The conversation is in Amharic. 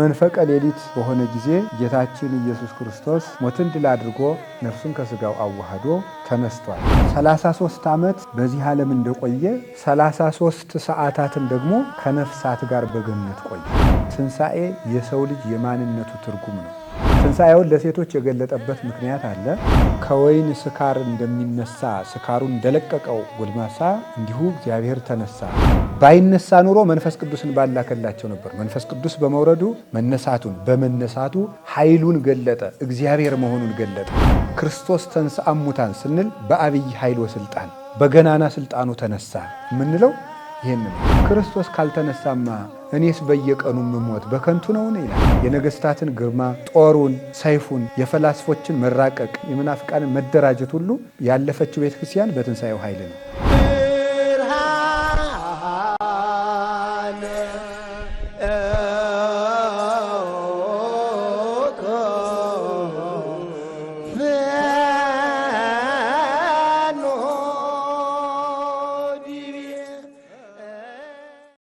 መንፈቀ ሌሊት በሆነ ጊዜ ጌታችን ኢየሱስ ክርስቶስ ሞትን ድል አድርጎ ነፍሱን ከስጋው አዋህዶ ተነስቷል። 33 ዓመት በዚህ ዓለም እንደቆየ 33 ሰዓታትን ደግሞ ከነፍሳት ጋር በገነት ቆየ። ትንሣኤ የሰው ልጅ የማንነቱ ትርጉም ነው። ትንሣኤውን ለሴቶች የገለጠበት ምክንያት አለ። ከወይን ስካር እንደሚነሳ ስካሩን እንደለቀቀው ጎልማሳ እንዲሁ እግዚአብሔር ተነሳ። ባይነሳ ኑሮ መንፈስ ቅዱስን ባላከላቸው ነበር። መንፈስ ቅዱስ በመውረዱ መነሳቱን፣ በመነሳቱ ኃይሉን ገለጠ፣ እግዚአብሔር መሆኑን ገለጠ። ክርስቶስ ተንሥአ እሙታን ስንል በአብይ ኃይል ወስልጣን፣ በገናና ስልጣኑ ተነሳ የምንለው ይህን ክርስቶስ ካልተነሳማ እኔስ በየቀኑ ምሞት በከንቱ ነውን ይላል። የነገስታትን ግርማ፣ ጦሩን፣ ሰይፉን፣ የፈላስፎችን መራቀቅ፣ የመናፍቃንን መደራጀት ሁሉ ያለፈችው ቤተክርስቲያን በትንሣኤው ኃይል ነው።